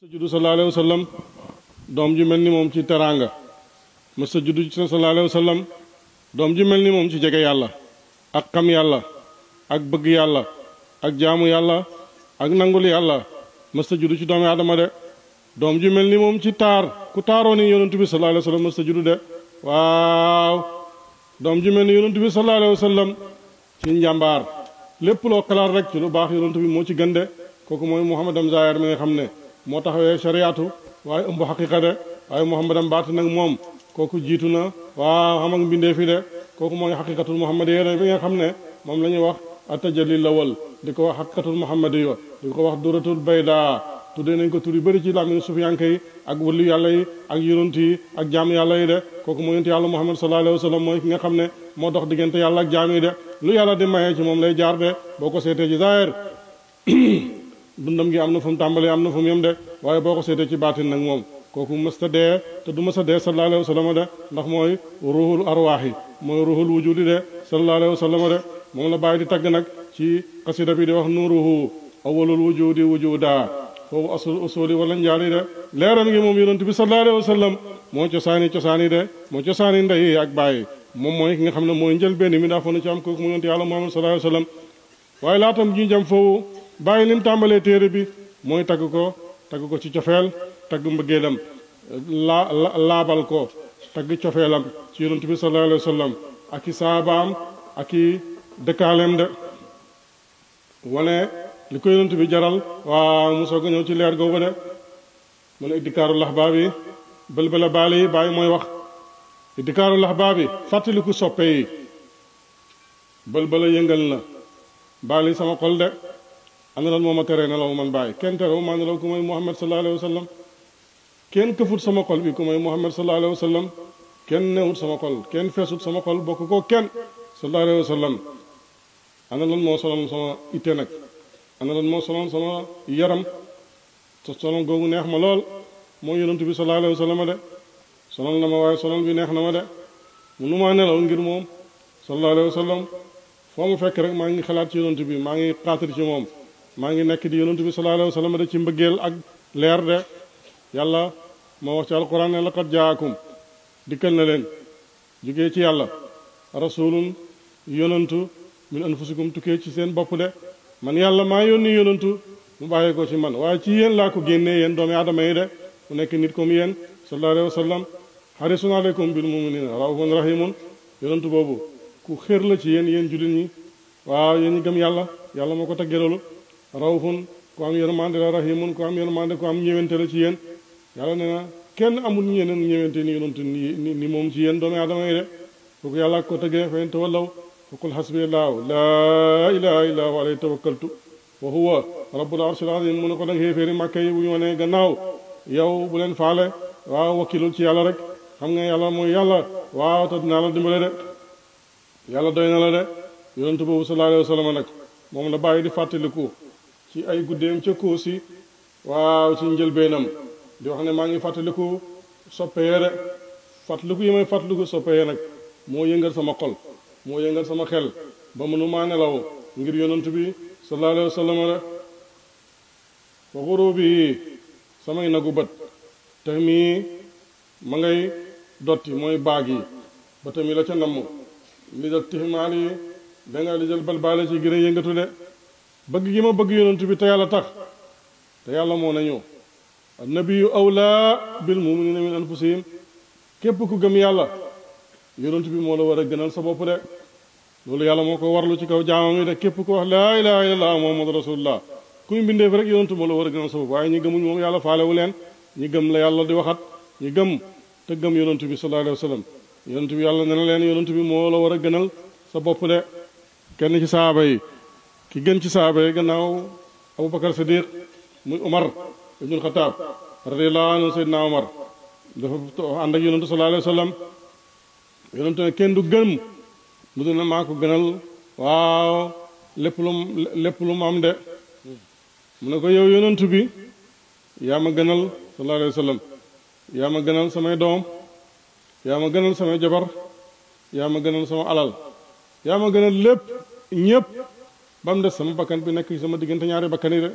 mës a juddu sallallahu alayhi wa sallam doom ju mel ni moom ci teraanga mës a juddu sallallahu alayhi wa sallam doom ju mel ni moom ci jege yàlla ak xam yàlla ak bëgg yàlla ak jaamu yàlla ak nangul yàlla mës a juddu ci doomi aadama de doom ju mel ni moom ci taar ku taaroo ni yonent bi sallallahu alayhi wa sallam mës a juddu de waaw doom ju mel ni yonent bi sallallahu alayhi wa sallam ci njàmbaar lépp loo xalaat rek ci lu baax yonent bi moo ci gën de kooku mooy Muhammadam Zahir mi nga xam ne moo taxawee chariatu waaye ëmb xaqiqa de waaye muhammadam baati nag moom kooku jiitu na waaw xam ak mbindee fi de kooku mooy xaqiqatul muhammad yéene bi nga xam ne moom la ñuy wax atajali lawal di ko wax xaqiqatul muhammad yo di ko wax duratul bayda tuddee nañ ko tur yu bëri ci làmmiñu sufiyanke yi ak wëllu yàlla yi ak yonent yi ak jaam yàlla yi de kooku mooy yonent yàlla muhammad sallallahu alayhi wasallam sallam mooy ki nga xam ne moo dox diggante yàlla ak jaam yi de lu yàlla di maye ci moom lay jaar de boo ko seetee ci zaahir dundam gi am na fu mu tàmbalee am na fu mu yem de waaye boo ko seetee ci baatin nag moom kooku mës ta dee te du mës a dee sallallahu alayhi wa sallam de ndax mooy ruhul arwaax yi mooy ruhul wujudi de sallallahu alayhi wa sallam de moom la bàyyi di tagg nag ci xasida bi di wax nuuruhu awalul wujudi daa foofu asul usuli wala njaali de leeram gi moom yonent bi sallallahu alayhi wa sallam moo cosaani cosaani de moo cosaani ndey ak bàyyi moom mooy ki nga xam ne mooy njëlbeen mi daa foog na ci am kooku mu bàyyi lim tàmbalee téere bi mooy tagg ko tagg ko ci cofeel tagg mbëggeelam laa laabal ko tagg cofeelam ci yonent bi sallallahu alayhi wa sallam ak i saabaam ak i dëkkaaleem de wane li ko yonent bi jaral waa mu soog a ci leer googu de mu ne iddikaaru laxbaa bi bëlbëla baale yi bàyyi mooy wax iddikaaru laxbaa bi fàttaliku soppe yi bëlbëla yëngal na baale yi sama xol de ana lan moo ma teree nelaw man bàyyi kenn terewu maa nelaw ku mooy muhammad sallallahu alayhi wa sallam kenn këfut sama xol bi ku mooy muhammad sallallahu alayhi wa sallam kenn newut sama xol kenn feesut sama xol bokk ko kenn sallallahu alayhi wa sallam ana lan moo soloon sama itte nag ana lan moo soloon sama yaram te solon googu neex ma lool moo yonent bi sallallahu alayhi wa sallam de solon na ma waaye solon bi neex na ma de munu maa nelaw ngir moom sallallahu alayhi wa sallam foo mu fekk rek maa ngi xalaat ci yonent bi maa ngi xaatir ci moom maa ngi nekk di yonent bi sallallahu alayhi wa sallam de ci mbëggeel ak leer de yàlla moo wax ci alquran ne laqad jaakum dikkal na leen jógee ci yàlla rasulun yonantu de man yàlla maa yónni yonantu mu bàyyee ci man waaye ci yéen laa ko génnee yéen doomi aadama yi de mu nekk nit comme yéen sallallahu alayhi wa sallam harisun aleykum bil muminina raufun rahimun yonantu boobu ku xér la ci yéen yéen jullit ñi waaw yéen gëm yàlla yàlla moo ko taggeeralu rawfun ku am yërmande la rahimun ko am yërmande ko am ñëwante la ci yéen yàlla nee kenn amul ñeneen ñëwante ni yonent ni ni moom ci yéen doomi aadama yi de kooku yàlla ko tëggee fa in tawallaw faqul hasbiyallahu laa ilaha illa huwa alayhi tawakkaltu wa huwa rabbul arshil azim mu ne ko nag xéeféeri màkka yi bu ñu wanee gannaaw yow bu leen faale waaw wakkilul ci yàlla rek xam nga yàlla mooy yàlla waaw te dinaa la dimbale de yàlla doy na la de yonent boobu sallallahu alayhi wa sallam moom la bàyyi di fàttaliku ci ay guddeem ca Koosi waaw ci njëlbeenam di wax ne maa ngi fàttaliku soppee rek fàttaliku yi may fàttaliku soppee nag moo yëngal sama xol moo yëngal sama xel ba mënumaa nelaw ngir yonent bi sallallahu alayhi wa bi samay nagu bët te mii ma ngay dotti mooy baag yi ba tamit la ca namm li dal yi da nga li dal balbaale ci gën yëngatu de bëgg gi ma bëgg yonent bi te yàlla tax te yàlla moo nañu annabiyu awla bil muminina min anfusihim képp ku gëm yàlla yonent bi moo la war a gënal sa bopp de loolu yàlla moo ko warlu ci kaw jaamam yi de képp ku wax laa ilaha illallah muhammadu rasulullah kuy mbindeef rek yonent moo la war a gënal sa bopp waaye ñi gëmuñ moom yàlla faalewu leen ñi gëm la yàlla di waxat ñi gëm te gëm yonent bi sallallahu alayhi wa sallam yonent bi yàlla nee na leen yonent bi moo la war a gënal sa bopp de kenn ci saaba yi ki gën ci saaba yi gannaaw aboubacar siddiq muy omar ibnul xataab radiallahu anhu ànd ak yonentu sallallahu alayhi yonentu ne kenn du gëm mu dul ne maa ko gënal waaw lépp lu lépp lu mu am de mu ne ko yow yonentu bi yaa ma gënal sallallahu alayhi yaa ma gënal samay doom yaa ma gënal samay jabar yaa ma gënal sama alal yaa ma gënal lépp ñépp ba mu des sama bakkan bi nekk sama diggante ñaari bakkan yi de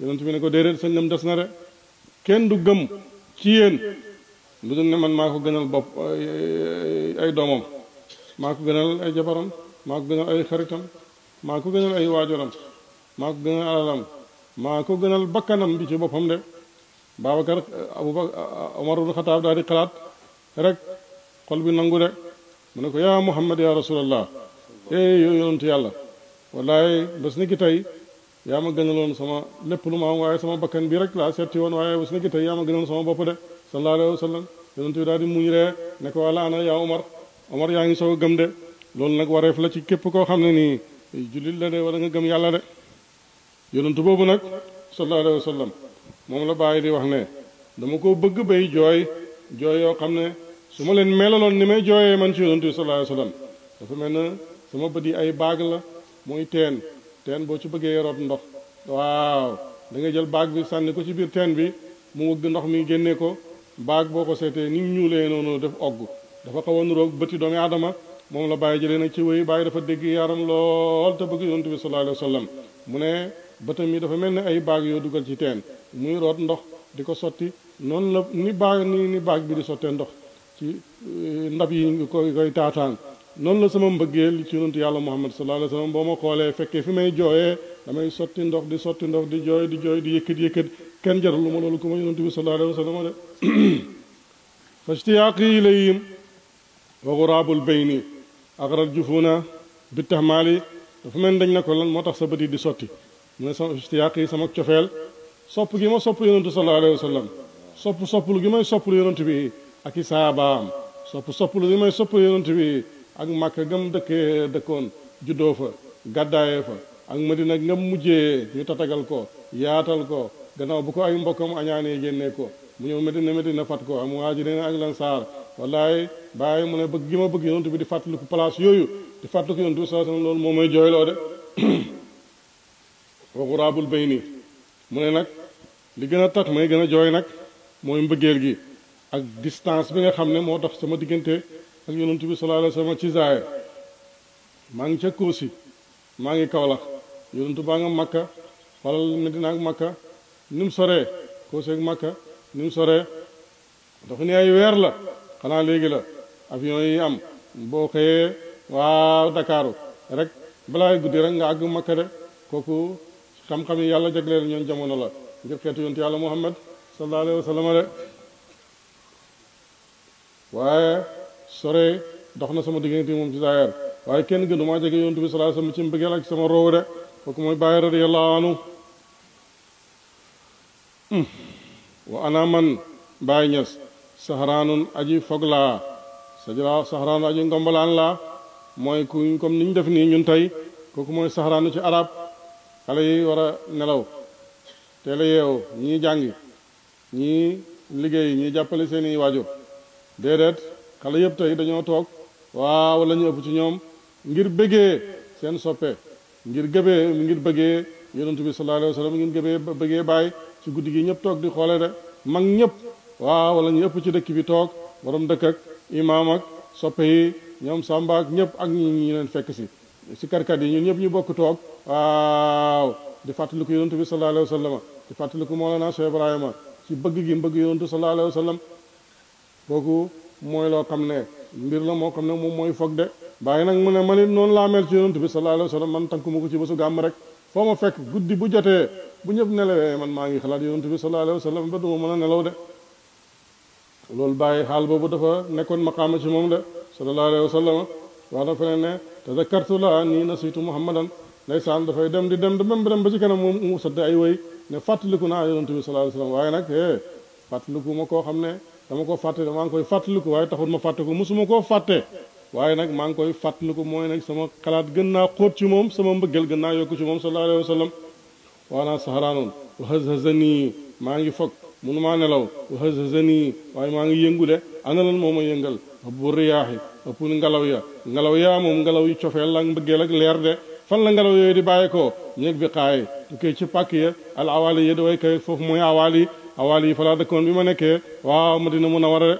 yonent bi ne ko déedéet sañ nam des na de kenn du gëm ci yéen lu ne man maa ko gënal bopp ay doomam maa ko gënal ay jabaram maa ko gënal xaritam maa ko gënal ay waajuram maa ko gënal alalam maa ko gënal bakkanam di ci boppam de Babacar Abubakar Omar ibn Xataab daal di xalaat rek xol bi nangu de mu ne ko yaa Muhammad yaa rasulallah eh yonentu yàlla wallaay bés ni ki tey yaa ma gënaloon sama lépp lu ma am waaye sama bakkan bi rek laa setti woon waaye bés ni ki tey yaa ma gënaloon sama bopp de sallallahu alayhi wa sallam yonent bi daal di muñ ree ne ko wala ana yaa Omar Omar yaa ngi soog a gëm de loolu nag wareef la ci képp koo xam ne nii jullit la nga gëm yàlla de boobu nag sallallahu alayhi wa la bàyyi di wax ne dama ko bëgg bay jooy jooy yoo xam ne su ma leen melaloon ni may jooyee man ci yonent bi sallallahu alayhi wa sallam dafa mel sama bët yi ay baag la muy teen teen boo ci bëggee yoroot ndox waaw da nga jël baag bi sànni ko ci biir teen bi mu wëgg ndox mi génnee ko baag boo ko seetee ni ñuulee noonu def ogg dafa xaw a nuroog bëti doomi aadama moom la bàyyi jëlee nag ci wéy bàyyi dafa dégg yaram lool te bëgg yonent bi sallallahu wa sallam mu ne bëtam yi dafa mel ni ay baag yoo dugal ci teen muy root ndox di ko sotti noonu la ni baag ni ni baag bi di sottee ndox ci eh, ndab yi ngi koy koy taataan noonu la sama mbëggeel ci yonentu yàlla muhammad sallallahu alayhi wa sallam boo ma xoolee fekkee fi may jooyee damay sotti ndox di sotti ndox di jooy di jooy di yëkkat yëkkat kenn jaral lu ma loolu ku ma yonentu bi sallallahu alayhi wa sallam de fashtiyaaqi ilayhim wa ghuraabul bayni aqrat jufuna bi tahmaali dafa mel dañ ne ko lan moo tax sa bët yi di sotti mu ne sama fashtiyaaqi sama cofeel sopp gi ma sopp yonentu sallallahu alayhi wa sallam sopp sopplu gi may sopplu yonentu bi ak i saabaam sopp sopplu gi may sopplu yonentu bi ak Makka gëm dëkkee dëkkoon juddoo fa gàddaayee fa ak ma Madina ngam mujjee ñu tatagal ko yaatal ko gannaaw bu ko ay mbokkam añaanee génnee ko mu ñëw Madina Madina fat ko am muhaajiriin ak lansaar wallaay bàyyi mu ne bëgg gi ma bëgg yonent bi di fàttaliku place yooyu di fàttaliku yonent bi sallallahu alayhi wasallam loolu moo may jooyloo de wa xuraabul bayni mu ne nag li gën a tax may gën a jooy nag mooy mbëggeel gi ak distance bi nga xam ne moo tax sama diggante ak yonent bi sallallahu alayhi wasallam ci zaahir maa ngi ca Koosi maa ngi Kaolack yonentu baa nga Makka wala Medina ak Makka ni mu soree Koosi ak Makka ni mu soree dafa ay weer la xanaa léegi la avion yi am boo xëyee waa Dakaaru rek balaay guddi rek nga àgg Makka de kooku xam-xam yi yàlla jagleel ñoon jamono la ngir xeetu yontu yàlla Muhammad sallallahu alayhi wasallam de waaye sore dox na sama diggante moom ci zaahir waaye kenn gënu maa jege yonent bi sallallahu alayhi ci mbëggeel ak sama roowu de kooku mooy Baay radiyallahu hmm. wa ana man Baay Ñas sahraanun aji fog laa sajra sahraanun aji ngombalaan laa mooy kuñ comme ñu def nii ñun tey kooku mooy sahraanu ci arab xale yi war a nelaw teel a yeewu ñii jàngi ñii liggéey ñii jàppale seeni waajur déedéet kala yeb tay dañoo toog waaw lañu ëpp ci ñoom ngir bëggee seen soppe ngir gëbé ngir bëggee yaronte bi sallallahu alayhi wasallam ngir gëbé bëggee bàyyi ci guddi gi ñëpp toog di xoole de mag ñëpp waaw lañu ëpp ci dëkk bi toog borom dëkk ak imam ak soppe yi ñoom sàmba ak ñëpp ak ñi ñi leen fekk si si karkat yi ñun ñëpp ñu bokk toog waaw di fàttaliku yaronte bi sallallahu alayhi wasallam di fàttaliku Mawlana Cheikh Ibrahima ci bëgg gi mbëgg yaronte sallallahu alayhi wasallam boku mooy loo xam ne mbir la moo xam ne moom mooy foog de bàyyi nag mu ne man it noonu laa mel ci yonent bi sallallahu alayhi wa sallam man tànku ko ci bésu gàmm rek foo ma fekk guddi bu jotee bu ñëpp nelawee man maa ngi xalaat yonent bi sallallahu alayhi wa sallam ba duma mën loolu bàyyi xaal boobu dafa nekkoon maqaama ci moom de sallallahu alayhi wa sallam wax na feneen ne tazakartu la nii nasitu muhammadan ndeysaan dafay dem di dem di dem ba ci kanam moom mu sadde ay fàttaliku naa yonent bi sallallahu alayhi wa sallam waaye nag eh, fàttaliku ma koo xam ne dama ko fàtte maa ngi koy fàttaliku waaye taxul ma fàtte ko mosuma koo fàtte waaye nag maa ngi koy fàttaliku mooy nag sama xalaat gën naa xóot ci moom sama mbëggeel gën naa yokku ci moom sallallahu alayhi wa sallam waanaa saxaraanoon wahazhazanii maa ngi fog munu maa nelaw wahazhazanii waaye maa ngi yëngule ana lan moo ma yëngal bu riyaaxi ëpp ngelaw ya ngelaw yaa moom ngelaw yu cofeel ak mbëggeel ak leer de fan la ngelaw yooyu di bàyyeekoo ñeeg bi xaay bu ci pàkk ya al awaali ya daway kay foofu mooy awaali awaal yi fa laa dëkkoon bi ma nekkee waaw a war de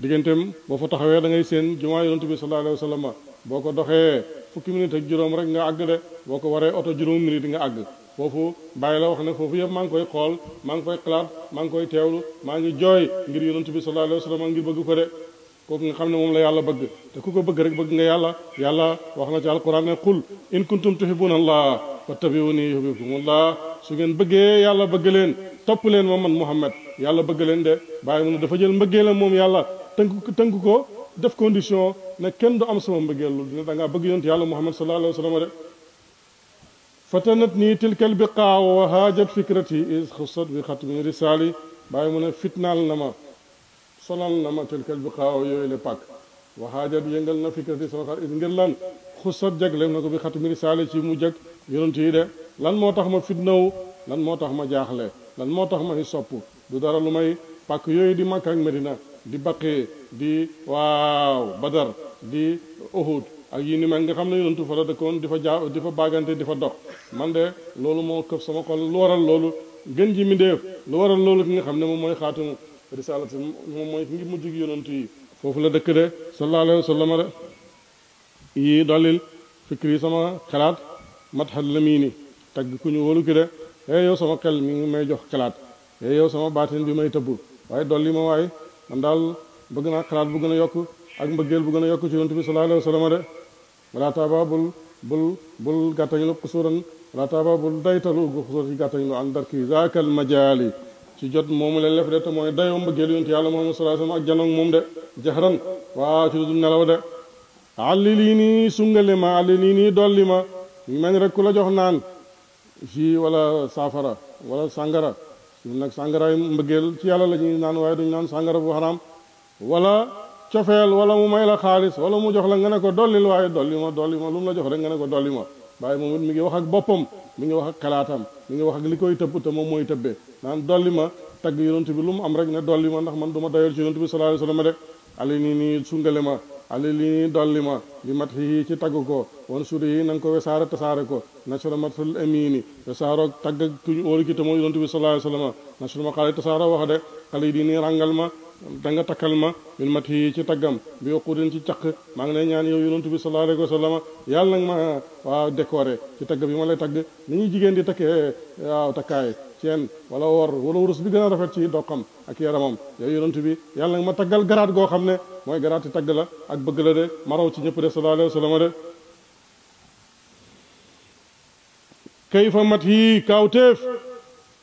digganteem boo fa taxawee da ngay seen jumaa yonent bi sallallahu alayhi wa sallam boo ko doxee fukki minute ak juróom rek nga àgg de boo ko waree oto juróom minute nga àgg foofu bàyyi la wax ne foofu yëpp maa ngi koy xool maa ngi koy xalaat maa ngi koy teewlu maa ngi jooy ngir yonent bi sallallahu alayhi wa sallam ngir bëgg ko kooku nga xam ne moom la yàlla bëgg te ku ko bëgg rek bëgg nga yàlla yàlla wax na ci alquran ne qul in kuntum tuhibbuna allah fattabi'uni yuhibbukumullah su ngeen bëggee yàlla bëgg leen topp leen ma man Muhammad yàlla bëgg leen de bàyyi mu ne dafa jël mbëggeelam moom yàlla tënk tënk ko def condition ne kenn du am sama mbëggeel lu dina da bëgg yonent yàlla Muhammad sallallahu alayhi wa sallam de fatanat nii tilkal bi qaaw wa haajat fikrati is xusat bi xatmi risaali bàyyi mu ne fitnaal na ma sonal na ma tilkal bi qaaw yooyu le pàkk wa haajat yëngal na fikrati sama xar is ngir lan xusat jagleem na ko bi xatmi risaali ci mu jag yonent moo tax ma fitnaw lan moo tax ma jaaxle lan moo tax may sopp du dara lu may pàkk yooyu di Makka ak Medina di baqee di waaw Badar di Uhud ak yi ni mel nga xam ne yonentu fa la dëkkoon di fa jaa di fa dox man de loolu moo këf sama xol lu waral loolu gën ji mindéef lu waral loolu ki nga xam ne moom mooy xaatumu risalati moom mooy ngi mujj gi yonentu yi foofu la dëkk de sallallahu alayhi wa sallam de yii dalil fikri sama xalaat mat xal la mii tagg ku ñu wóolu Eh, yow sama xel mi ngi may jox xalaat eh yow sama baatin bi may tëbb waaye dolli ma waaye man daal bëgg naa xalaat bu gën a yokk ak mbëggeel bu gën a yokk ci yonent bi sallallahu alayhi wa sallam de wala taaba bul bul bul gàttañ lu xusuuran wala taaba bul daytalu xusuur ci gàttañ lu an darki zaakal ci jot moomu leen lef de te mooy dayoo mbëggeel yonent yàlla Muhammad sallallahu alayhi wa sallam ak janoog moom de jaxran waa ci du nelaw de alli lii nii sungale ma alli lii nii dolli ma mel rek ku la jox naan jus wala saafara wala sàngara ñun nag sàngaraay mbëggeel ci yàlla la ñuy naan waaye duñu naan sàngara bu xaraam wala cofeel wala mu may la xaalis wala mu jox la nga ne ko dollil waaye dolli ma dolli ma lu mu la jox rek nga ne ko dolli ma waaye moom it mi ngi wax ak boppam mi ngi wax ak xalaatam mi ngi wax ak li koy tëbb te moom mooy tëbbee naan dolli ma tagg yonent bi mu am rek ne dolli ma ndax man du ma doyal ci yonent bi sallallahu alayhi de ali nii nii ma ali li nii dolli ma bi mat yi ci tagg ko wan suri yi na nga ko wesaara tasaare ko nasra matul amini wesaaroo tagg kuñ óolu ki te mooy yonent bi sallallahu alayhi wasallam nasra ma xale tasaara wax de xale yi di nii ràngal ma da nga takkal ma bil mat yi ci taggam bi yoquudin ci caq maa ngi lay ñaan yow yonent bi sallallahu alayhi wasallam yàlla nag ma waaw décoré ci tagg bi ma lay tagg ni ñuy jigéen di takkee waaw takkaay ceen wala wor wala wurus bi gën a rafet ci doxam ak yaramam yow yonent bi yàlla nag ma taggal garaat goo xam ne mooy garaati tagg la ak bëgg la de ma raw ci ñëpp de sallallahu alayhi wa sallam de mat yi kaawteef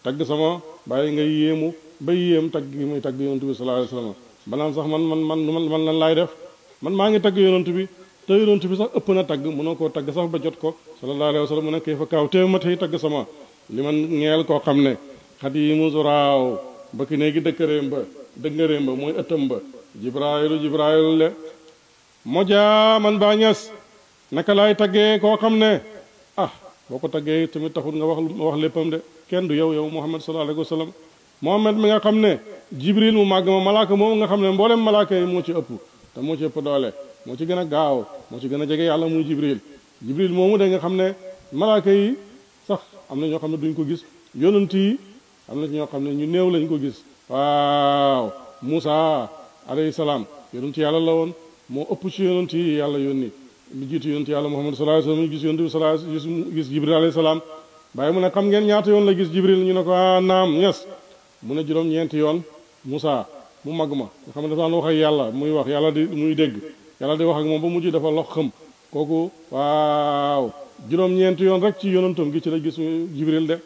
tagg sama bàyyi nga yéemu ba yéem tagg gi muy tagg yonent bi sallallahu alayhi wa sax man man man man lan laay def man maa ngi tagg yonent bi te yonent bi sax ëpp na tagg mënoo koo tagg sax ba jot ko sallallahu alayhi wa sallam mu ne kayfa kaawteef mat yi tagg sama li man ñeel koo xam ne xat yi musuraaw ba ki néegi dëkkëréem ba dëngëréem ba mooy ëttam ba jibraayilu jibraayilu le moja man baa ñas naka laay taggee koo xam ne ah boo ko taggee tamit taxul nga wax wax léppam de kenn du yow yow muhammad sallallahu alayhi wa sallam muhammad mi nga xam ne jibril mu màgg ma malaaka moomu nga xam ne mboolem malaaka yi moo ci ëpp te moo ci ëpp doole moo ci gën a gaaw moo ci gën a jege yàlla muy jibril jibril moomu de nga sax am na ñoo xam ne duñ ko gis yonent yi am na ñoo xam ne ñu néew lañ ko gis waaw Moussa alayhi salaam yonent yàlla la woon moo ëpp ci yonent yi yàlla yónni lu jiitu yonent yàlla Muhammad sallallahu alayhi wasallam gis yonent bi sallallahu alayhi wasallam gis Jibril alayhi salaam bàyyi mu ne xam ngeen ñaata yoon la gis Jibril ñu ne ko ah naam ñes mu ne juróom-ñeenti yoon Moussa mu mag ma nga xam ne dafa daan wax ak yàlla muy wax yàlla di muy dégg yàlla di wax ak moom ba mujj dafa lox xam kooku waaw juróom-ñeenti yoon rek ci yonantam gi ci la gis jibril de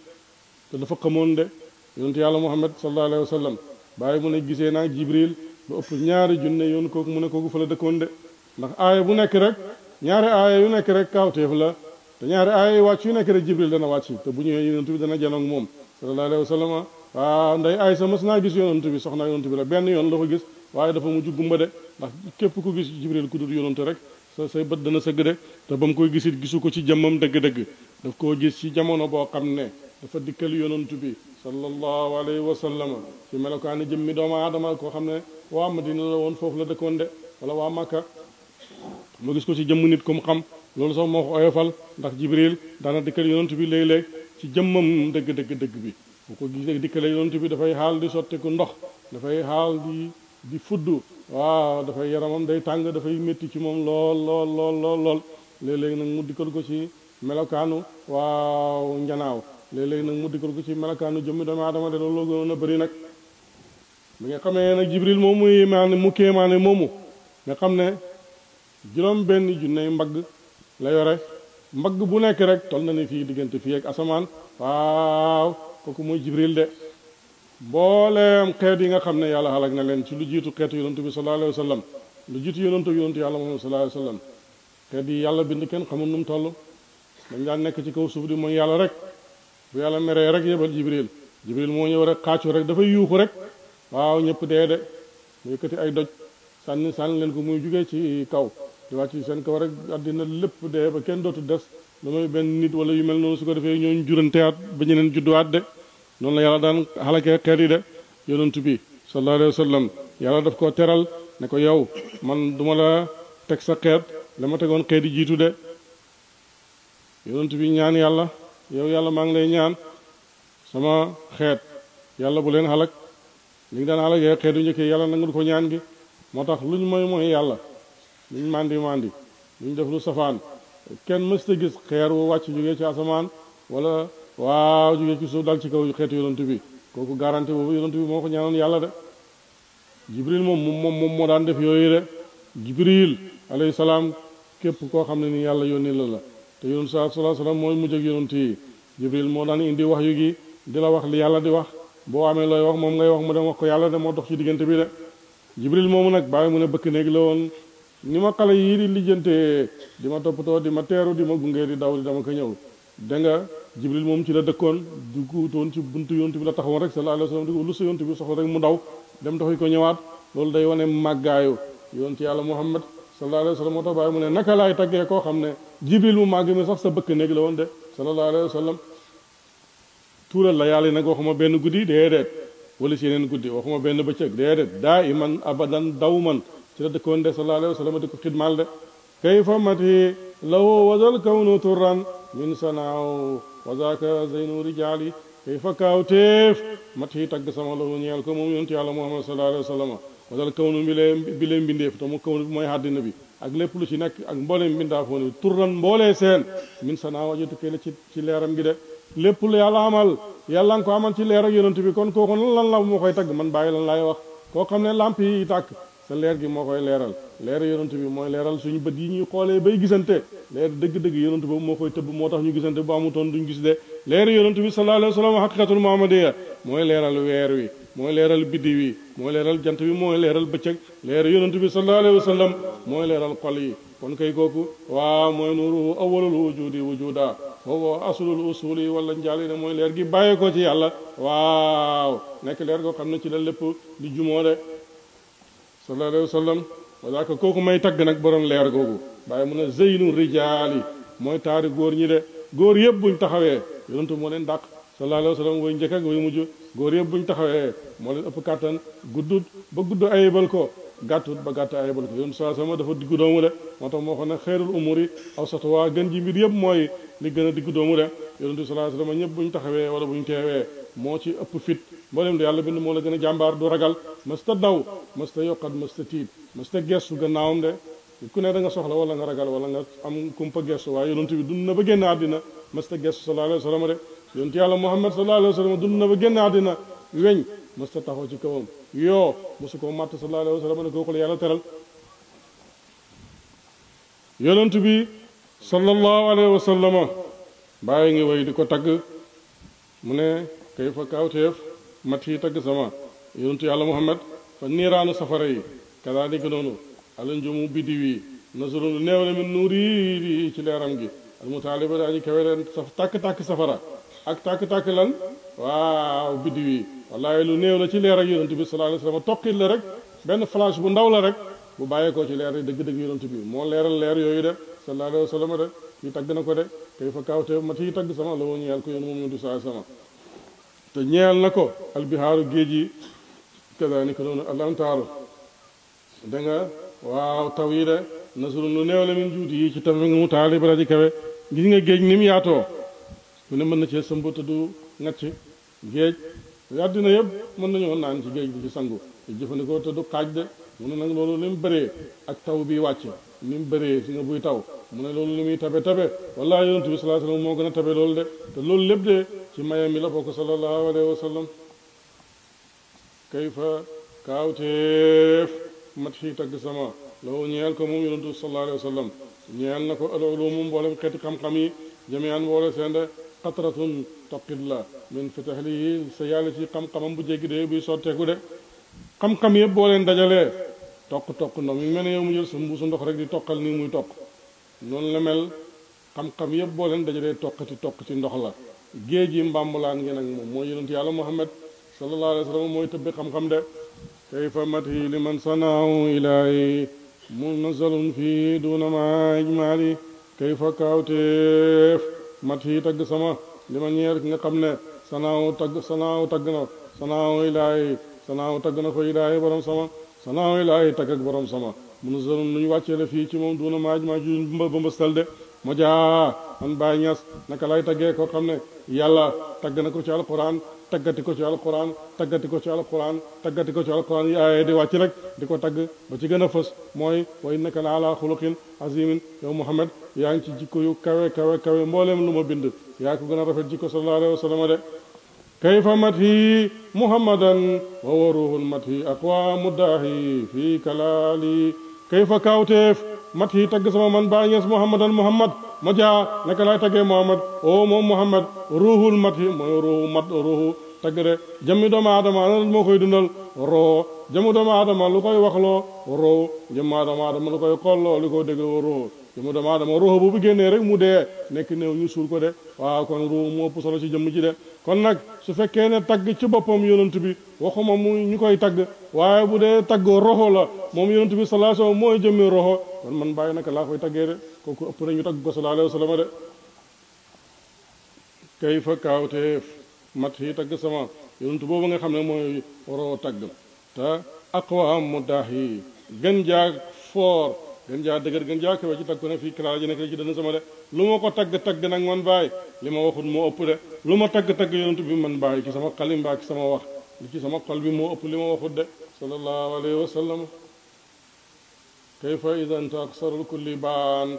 te dafa xamoon de yonantu yàlla muhammad sallallahu alayhi wa sallam bàyyi mu ne gisee naa jibril lu ëpp ñaari junne yoon kooku mu ne kooku fa la dëkkoon de ndax aaya bu nekk rek ñaari aaya yu nekk rek kawteef la te ñaari aaya yu wàcc yu nekk rek jibril dana wàcc te bu ñëwee yonantu bi dana janoog moom sallallahu alayhi wa sallam waaw nday ay sa mas naa gis yonantu bi soxnaa yonantu bi la benn yoon la ko gis waaye dafa mujj gumba de ndax képp ku gis jibril ku dul rek sa say bët dana sëgg de te ba mu koy gisit gisu ko ci jëmmam dëgg-dëgg daf koo gis ci jamono boo xam ne dafa dikkal yonantu bi sallallahu alayhi wa sallam ci melokaani jëmmi doomu aadama koo xam ne waa Madina la woon foofu la dëkkoon de wala waa Makka mu gis ko ci jëmm nit ku mu xam loolu sax moo ko oyofal ndax Jibril daana dikkal yonantu bi léeg-léeg ci jëmmam dëgg dëgg dëgg bi bu ko gisee dikkale yonantu bi dafay xaal di sotti ku ndox dafay xaal di di fudd waaw dafay yaramam day tàng dafay métti ci moom lool lool lool lool lool nag mu dikkal ko ci melokaanu waaw njanaaw léeg-léeg nag mu dikkal ko ci melokaanu jëmmi doomu aadama de loolu gënoon a bëri nag bi nga xamee nag jibril moom muy maan mu kéemaane moomu nga xam ne juróom benn junney mbagg la yore mbagg bu nekk rek tol na ni fii diggante fii ak asamaan waaw kooku mooy jibril de mbooleem xeet yi nga xam ne yàlla halak na leen ci lu jiitu xeetu yonantu bi sallallahu alayhi wa sallam lu jiitu yonantu yonantu yàlla moom sallallahu alayhi wa sallam xeet yi yàlla bind kenn xamul nu mu toll dañ daan nekk ci kaw suuf di mooy yàlla rek yàlla meree rek yebal jibril jibril moo ñëw rek xaacu rek dafay yuuxu rek waaw ñëpp dee de mu yëkkati ay doj sànni sànni leen ko muy jugee ci kaw di wàcc seen kaw rek àddina lépp dee ba kenn dootu des damay benn nit wala yu mel noonu su ko defee ñooñu juranteaat ba ñeneen judduwaat de noonu la yàlla daan xalakee teer yi de yonent bi sallallahu alayhi wa sallam yàlla def koo teral ne ko yow man duma la teg sa xeet la ma tegoon xeet yi jiitu de yonent bi ñaan yàlla yow yàlla maa ngi lay ñaan sama xeet yàlla bu leen xalak li nga daan xalakee xeetu njëkk yàlla nangul ko ñaan gi moo tax lu ñu mooy mooy yàlla lu ñu mandi mandi lu ñu def lu safaan kenn mësta gis xeer wu wàcc jógee ci asamaan wala waaw jóge ci suuf dal ci kaw xeetu yonent bi kooku garanti boobu yonent bi moo ko ñaanoon yàlla de jibril moom moom moom moo daan def yooyu de jibril alayhi salaam képp koo xam ne ni yàlla yónni la la te yonent saa salaam mooy mujj ak yonent yi jibril moo daan indi wax yu gi di la wax li yàlla di wax boo amee looy wax moom ngay wax mu dem wax ko yàlla de moo dox ci diggante bi de jibril moomu nag bàyyi mu ne bëkk néeg la woon ni ma xale yii di lijjante di ma toppatoo di ma teeru di ma gunge di daw di dama ko ñëw da nga jibril moom ci la dëkkoon duggutoon ci buntu yontu bi la taxawoon rek sa alayhi wa sallam di ko lu sa yontu bi soxla rek mu daw dem doxi ko ñëwaat loolu day wane màggaayu yontu yàlla muhammad sallallahu alayhi wa sallam moo tax bàyyi mu ne naka taggee koo xam ne màgg mi sax sa bëkk néeg la woon de sallallahu alayhi wa sallam tuural la yàlla yi nag waxuma benn guddi déedéet wala si yeneen guddi waxuma benn bëccëg déedéet daa iman abadan daw man ci la dëkkoon de sallallahu alayhi wa sallam di ko xidmaal de kayfa mati lawo wasal kawnu turan min sanaaw wazaka zeynu rijaali kay fa téef mat yi tagg sama lahu ñeel ko moom yonent yàlla muhammad sallallahu alayhi wa sallam wasal kawnu bilee bilee mbindeef te mooy àddina bi ak lépp lu ci nekk ak mbooleem mbindaafoon yi turran mboolee seen min sanaa wajutukee la ci ci leeram gi de lépp lu yàlla amal yàlla nga ko amal ci leer ak yonent bi kon kooku lan la moo koy tagg man bàyyi lan laay wax koo xam ne lamp yi tàkk sa leer gi moo koy leeral leeru yonent bi mooy leeral suñu bët yi ñuy xoolee bay gisante leer dëgg-dëgg yonent boobu moo koy tëbb moo tax ñu gisante bu amutoon duñ gis de leeru yonent bi sallallahu alayhi wa sallam haqiqatul weer wi mooy leeral biddi wi mooy leeral jant bi mooy leeral bëccëg leeru yonent bi sallallahu alayhi wa sallam mooy leeral xol yi kon kay kooku waa mooy nuuruhu awwalul wujudi wujuda wa aslul usuli wala njaali ne mooy leer gi bàyyeekoo ci yàlla waaw nekk leer goo xam ne ci la lépp di jumoo de sallallahu alayhi wa wala kooku may tagg nag borom leer googu bàyyi mun a zeynu rijaali mooy taari góor ñi de góor yëpp buñ taxawee yonentu moo leen dàq sallallahu alayhi wa sallam way njëkk mujj góor yëpp buñ taxawee moo leen ëpp kàttan guddut ba gudd ayibal ko gàttut ba gàtt ayibal ko yonentu sallallahu alayhi wa sallam dafa diggu doomu de moo tax moo xam ne xeerul umur yi aw satuwaa gën ji mbir yëpp mooy li gën a diggu doomu de yonentu sallallahu alayhi wa sallam ñëpp buñ taxawee wala buñ teewee moo ci ëpp fit mboolem lu yàlla bind moo la gën a jàmbaar du ragal mësta daw mësta yokkat mësta tiit mësta gestu gannaawam de ku ne da nga soxla wala nga ragal wala nga am kumpa gestu waaye yonent bi dund na ba génn àddina mësta gestu sallallahu alayhi wa sallam de na ba génn àddina weñ mësta taxaw ci kawam yoo mosu ko màtt sallallahu alayhi wa sallam ne kooku la yàlla teral yonent bi sallallahu alayhi wa sallam bàyyi ngi way di ko tagg mu ne kay fa kawteef mat yi tagg sama yonentu yàlla muhammad fa niiraanu safara yi kadaalika noonu ala njumu biddiw yi nasurun lu néew la min nuuri ci leeram gi al mutaaliba daañu kawe leen saf tàkk-tàkk safara ak tàkk-tàkk lan waaw biddiw yi wallaahi lu néew la ci leer ak yonent bi sallallahu alayhi wa la rek benn flash bu ndaw la rek bu bàyyeekoo ci leer yi dëgg-dëgg yonent bi moo leeral leer yooyu de sallallahu alayhi wa sallam de kii tagg na ko de kay fa kawteef mat yi tagg sama la woon yàlla ko yoon moom yonent bi te ñeel na ko albihaaru géej yi kadaalika noonu al antaaru da nga waaw taw yi de nasuru lu néew la min juuti yi ci taw nga mu taali bara di kawe gis nga géej ni mu yaatoo mu ne mën na cee sëmb te du ngacc géej àddina yëpp mën nañoo naan ci géej bi ci sangu jëfandikoo te du xaaj de mu ne nag loolu li mu bëree ak taw bi wàcc ni mu bëree si nga buy taw mu ne loolu li muy tabe tabe wallaahi yonent bi sallallahu moo gën a tabe loolu de te loolu lépp ci mayam mi la bokk sallallahu alayhi wa sallam kayfa kaawteef mat fii tagg sama loolu ñeel ko moom yonentu sallallahu alayhi wa sallam ñeel na ko al ulumu mboolem xeeti xam-xam yi jamian mboole seende xatratun taqilla min fitahlihi sa yàlla ci xam-xamam bu jéggi dee buy sotteeku de xam-xam yëpp boo leen dajalee toq toq ndox mi mel ne yow mu jël sa mbuusu ndox rek di toqal nii muy toq noonu la mel xam-xam yëpp boo leen dajalee toqati toq ci ndox la गे जी बाम सनगरमरमी de ma jaa man Baye Niass naka lay taggee koo xam ne yàlla tagg na ko ci alquran taggati ko ci alquran taggati ko ci alquran taggati ko ci alquran yi aaye di wàcc rek di ko tagg ba ci gën a fës mooy wa innaka la ala xuluqin azimin yow Muhammad yaa ngi ci jikko yu kawe kawe kawe mbooleem lu ma bind yaa ko gën a rafet jikko sallallahu alayhi wa sallam de kayfa mathi muhammadan wa wa ruhul mathi aqwa muddaahi fi kalaali kayfa kawteef mathi tagg sama man Baye Niass muhammadan ma jaa naka lay taggee muhammad o moom muhammad ruuhul mat yi mooy ruuhu mat ruuhu tagg de jëmmi doomu aadama ana moo koy dundal roo jëmmu doomu aadama lu koy waxloo roo jëmmu doomu aadama lu koy xolloo lu koy dégloo roo jëmmu doomu aadama roo bu bu génnee rek mu dee nekk néew ñu suul ko de waaw kon roo moo ëpp solo ci jëmm ji de kon nag su fekkee ne tagg ci boppam yonent bi waxuma mu ñu koy tagg waaye bu dee tagg roxo la moom yonent bi sallallahu wa mooy jëmmi roxo kon man bàyyi naka laa koy taggee de kooku ëpp nañu tagg ko sallallahu alayhi wa sallam de kay fa kaawteef mat yi tagg sama yonent boobu nga xam ne mooy roo tagg te aqwaam mu daax yi gën jaag foor gën jaa dëgër gën jaa kawe ci takku na fii kilaa ji nekk ci dana de lu ma ko tagg tagg nag man bàyyi li ma waxut moo ëpp de lu ma tagg tagg yonent bi man bàyyi ci sama xalim baa ci sama wax li ci sama xol bi moo ëpp li ma waxut de sallallahu alayhi wa sallam kayfa idan taksarul kulli baan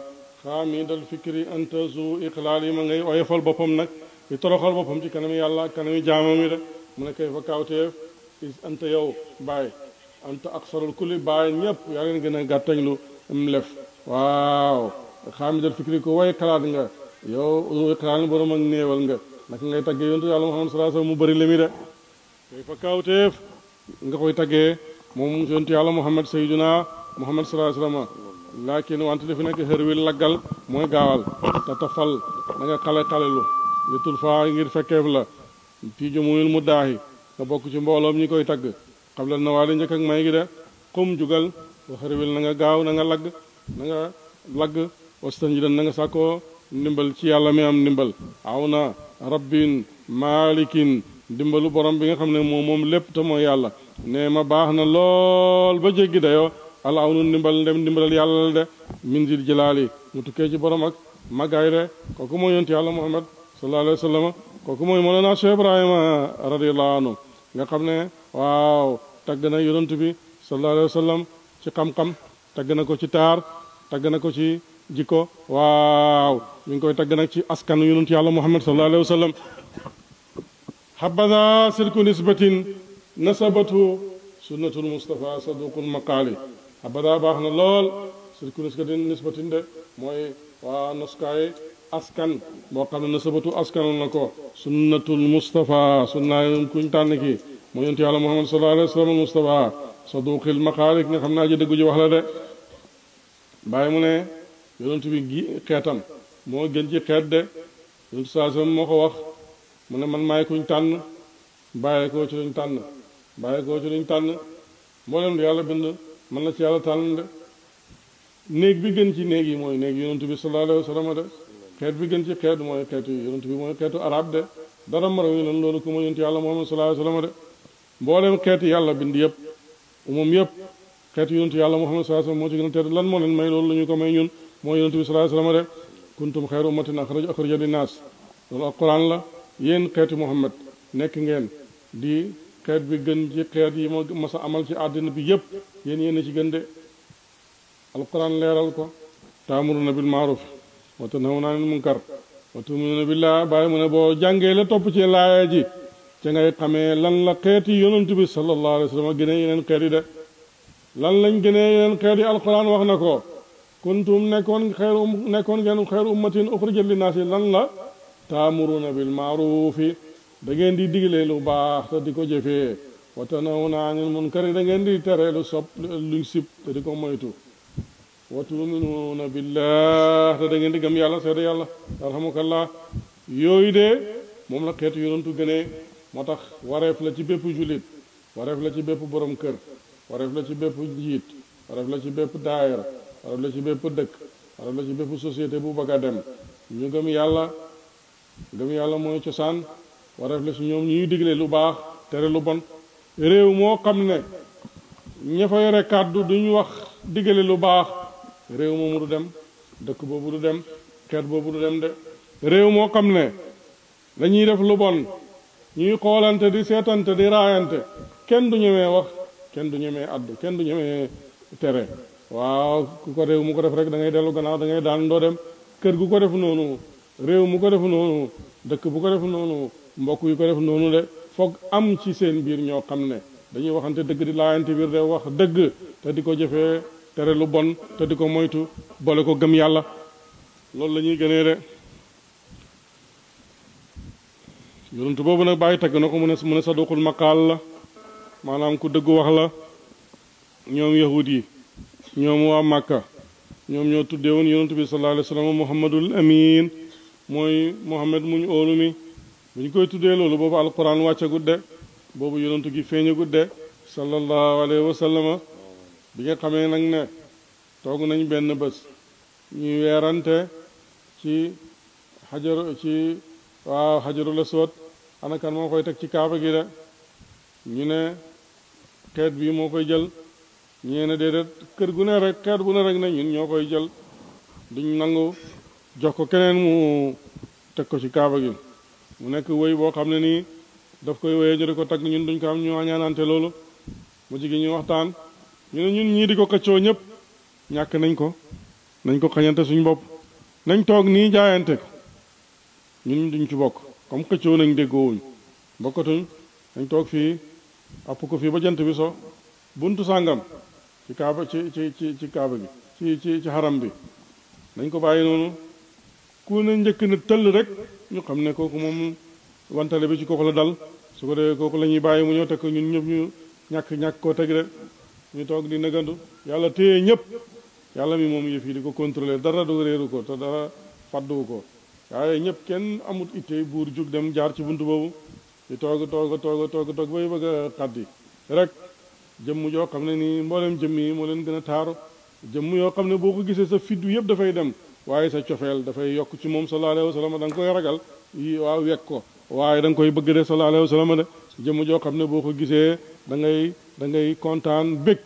xaamidal fikri anta zu iqlaal yi ma ngay oyofal boppam nag di toroxal boppam ci kanam yàlla kanami jaamam yi de mu ne kayfa kaawteef is anta yow bàyyi anta aksarul kulli baan ñëpp yaa leen gën a gàttañlu m lef waaw xaamidal fikri ko way xalaat nga yow xalaat umm nga borom ak néewal nga naka ngay taggee yontu yàlla mu bëri la mi de koy fa kaawteef nga koy taggee moom yontu yàlla Muhammad sayyiduna Muhammad sallallahu alayhi a laakin wante dafa nekk xër wi laggal mooy gaawal te tafal na nga xale xalelu li tul ngir fekkeef la fii jumuyul mu daahi nga bokk ci mbooloom ñi koy tagg xam la na waa njëkk ak may gi de xum jugal waxarwil na nga gaaw na nga lagg na nga lagg wastan ji dan sàkkoo ndimbal ci yàlla mi am ndimbal aw na rabbin maalikin ndimbalu borom bi nga xam ne moom moom lépp te mooy yàlla ne ma baax na lool ba jéggi dayoo al aw nu ndimbal ndem ndimbalal yàlla de min zil jilaali mu tukkee ci borom ak màggaay de kooku mooy yonent yàlla muhammad sallallahu alayhi kooku mooy moolana cheikh ibrahima radiallahu anhu nga xam ne waaw tagg na yonent bi sallallahu alayhi wa sallam ci xam-xam tagg na ko ci taar tagg na ko ci jikko waaw mi koy tagg nag ci askan yonent yàlla muhammad sallallahu alayhi wa sallam habaza sirku nisbatin nasabatu sunnatul mustafa saduqul maqaali baax na lool sirku nisbatin nisbatin de mooy waa askan boo xam ne nasabatu askan na ko sunnatul mustafa sunna kuñ mustafa saduqil maqaali ki nga xam ne aji dëggu ji wax la de bàyyi mu ne yonent bi gi xeetam moo gën ci xeet de yonent moo ko wax mu ne man maay kuñ tànn bàyyi koo ci luñ tànn bàyyi koo ci tànn mboolem lu yàlla bind mën na ci yàlla tànn bi gën ci néeg yi mooy néeg yonent bi sallallahu alayhi wa sallam de xeet bi gën ci xeet mooy xeetu yonent bi mooy xeetu arab de dara maraw yi lan loolu ku ma yonent yàlla moo sallallahu alayhi wa sallam de mboolem xeeti yàlla bind yëpp umam yëpp xeet yonentu yàlla muhammad sallallahu alayhi wasallam moo ci gën a tedd lan moo leen may loolu la ñu ko may ñun moo yonentu bi sallallahu alayhi wasallam de kuntum xayra ummatin axrajat linnaas loolu alquran la yéen xeetu muhammad nekk ngeen di xeet bi gën ci xeet yi ma mas a amal ci àddina bi yëpp yéen yéen ci gën de alquran leeral ko taamuruna bil maaruf wa tanhawna anil munkar wa bàyyi mu ne boo jàngee la topp ci laaya ji ca ngay xamee lan la xeeti yonent bi sallallahu alayhi wa sallam gënee yeneen xeet yi de lan lañ gënee yeneen xeet yi alquran wax na ko kuntum nekkoon xeeru um, nekkoon ngeen xeeru ummatin uxrijat linnaasi lan la taamuruuna bil maaruufi da ngeen di digle lu baax te di ko jëfee wa tanhawna anil munkari da ngeen di tere lu sopp luñ sib te di ko moytu wa tuminuuna billah te da ngeen di gëm yàlla seede yàlla arhamukallah yooyu de moom la xeetu yonentu gënee moo tax wareef la ci bépp jullit wareef la ci bépp borom kër wareef la ci bépp njiit wareef la ci bépp daayira wareef la ci bépp dëkk wareef la ci bépp société bu bëgg dem ñu gëm yàlla gëm yàlla mooy cosaan wareef la ci ñoom ñuy digle lu baax tere lu bon réew moo xam ne ña fa yore kàddu duñu wax digale lu baax réew moomu du dem dëkk boobu du dem xeet boobu du dem de réew moo xam ne dañuy def lu bon ñuy xoolante di seetante di raayante kenn du ñemee wax kenn du ñemee addu kenn du ñemee tere waaw ku ko réew mu ko def rek dangay dellu gannaaw da ngay daan ndoo dem kër gu ko def noonu réew mu ko def noonu dëkk bu ko def noonu mbokk yu ko def noonu de foog am ci seen biir ñoo xam ne dañuy waxante dëgg di laayante biir de wax dëgg te di ko jëfe tere lu bon te di ko moytu boole ko gëm yàlla loolu la ñuy gënee de yonentu boobu nag bàyyi tagg na ko mu ne mu ne saduqul maqaal la maanaam ku dëggu wax la ñoom yahud yi ñoom waa màkka ñoom ñoo tuddee woon yonentu bi sallallahu alayhi wa sallam muhammadul amin mooy muhammad mu ñu óolu mi bu ñu koy tuddee loolu boobu alquran wàccagut de boobu yonentu gi feeñagut de sallallahu alayhi wa sallam bi nga xamee nag ne toog nañ benn bés ñuy weerante ci xajar ci waaw xajarul aswad ana kan moo koy teg ci kaaba gi de ñu ne xeet bii moo koy jël ñee ne déedéet kër gu ne rek xeet bu ne rek nañ ñun ñoo koy jël duñ nangu jox ko keneen mu teg ko ci kaaba gi mu nekk woy boo xam ne nii daf koy woyee ñu di ko tagg ñun duñ ko am ñu ñaanante loolu mu jigéen ñu waxtaan ñu ne ñun ñii di ko xëccoo ñëpp ñàkk nañ ko nañ ko xañante suñ bopp nañ toog nii jaayante ko ñun duñ ci bokk comme xëccoo nañ déggoowuñ bokkatuñ dañ toog fii app ko fii ba jant bi so buntu sàngam ci kaaba ci ci ci ci kaaba bi ci ci ci xaram bi nañ ko bàyyi noonu ku ne njëkk na tëll rek ñu xam ne kooku moom wantale bi ci kooku la dal su ko defee kooku la ñuy bàyyi mu ñëw te ko ñun ñëpp ñu ñàkk ñàkk koo teg rek ñu toog di nëgandu yàlla téye ñëpp yàlla mi moom yëf yi di ko contrôler dara du réeru ko te dara fàdduwu ko waaye ñëpp kenn amut ittee buur jug dem jaar ci buntu boobu di toog toog toog toog toog bay bëgg a xaddi rek jëmm joo xam ne nii mboolem jëmm yi moo leen gën a taaru jëmm yoo xam ne boo ko gisee sa fiddu yëpp dafay dem waaye sa cofeel dafay yokk ci moom sallallahu alayhi wa da nga koy waaw wekk ko waaye da koy bëgg de sallallahu alayhi wa sallam jëmm joo xam ne boo ko gisee da ngay da ngay kontaan bég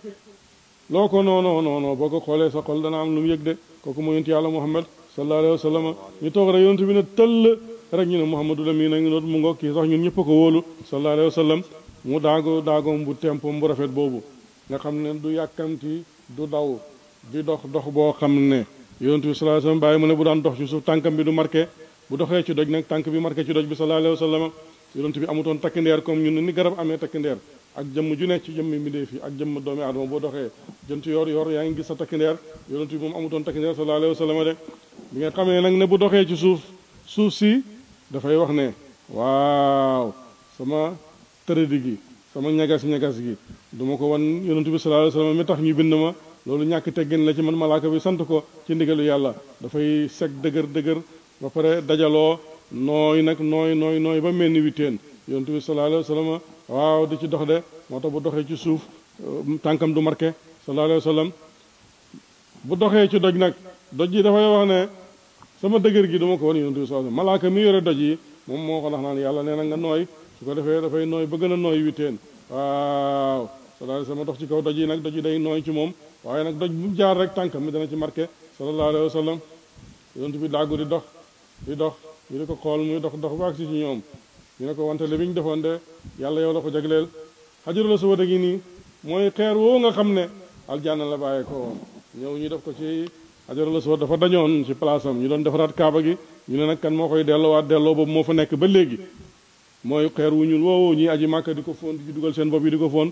loo ko non non non boo ko xoolee sa xol dana am lu mu yëg de kooku mooy yàlla Muhammad sallallahu alayhi wa sallam ñu toog rek yonent bi ne tëll rek ñu ne Muhammadu Lamin a ngi noonu mu ngokk kii sax ñun ñëpp ko wóolu sallallahu alayhi wa sallam mu daago daagoom bu tempo bu rafet boobu nga xam ne du yàkkamti du daw di dox dox boo xam ne yonent bi sallallahu alayhi wa bàyyi mu ne bu daan dox ci suuf tànkam bi du marqué bu doxee ci doj nag tànk bi marqué ci doj bi sallallahu alayhi wa sallam yonent bi amutoon takkandeer comme ñun ni garab amee takkandeer ak jëmm ju ne ci jëmmi mbindeef yi ak jëmm doomi aadama boo doxee jënt yor yor yaa ngi gis sa takkindeer yonent bi moom amutoon takkindeer sallallahu alayhi wa sallam de bi nga xamee nag ne bu doxee ci suuf suuf si dafay wax ne waaw sama tërëdi gi sama ñagas-ñagas gi duma ko wan yonent bi sallallahu alayhi mi tax ñu bind ma loolu ñàkk te teggin la ci man malaaka bi sant ko ci ndigalu yàlla dafay set dëgër dëgër ba pare dajaloo nooy nag nooy nooy nooy ba mel ni witteen yonent bi sallallahu alayhi waaw di ci dox de moo tax bu doxee ci suuf um, tànkam du marqué sallallahu alayhi wa bu doxee ci doj nag doj yi dafay wax ne sama dëgër gi dama ko wan yonent bi sallallahu alayhi mi yore doj yi moom moo ko wax naan yàlla nee na nga nooy su ko defee dafay nooy ba gën nooy witeen waaw sallallahu dox ci kaw doj yi nag doj day nooy ci moom waaye nag doj jaar rek tànkam mi dana ci marqué sallallahu alayhi wa sallam yonent bi daagu di dox di dox ñu di ko xool muy dox dox ba agsi ci ñoom ñu ne ko wante li ñu defoon de yàlla yow la ko jagleel xajarul aswad gi nii mooy xeer woo nga xam ne aljanna la bàyyee ko ñëw ñu def ko ci xajarul aswad dafa dañoon ci place am ñu doon defaraat kaaba gi ñu ne nag kan moo koy delloowaat delloo boobu moo fa nekk ba léegi mooy xeer wu ñuul woowu ñuy aji màkka di ko foon di dugal seen bopp yi di ko foon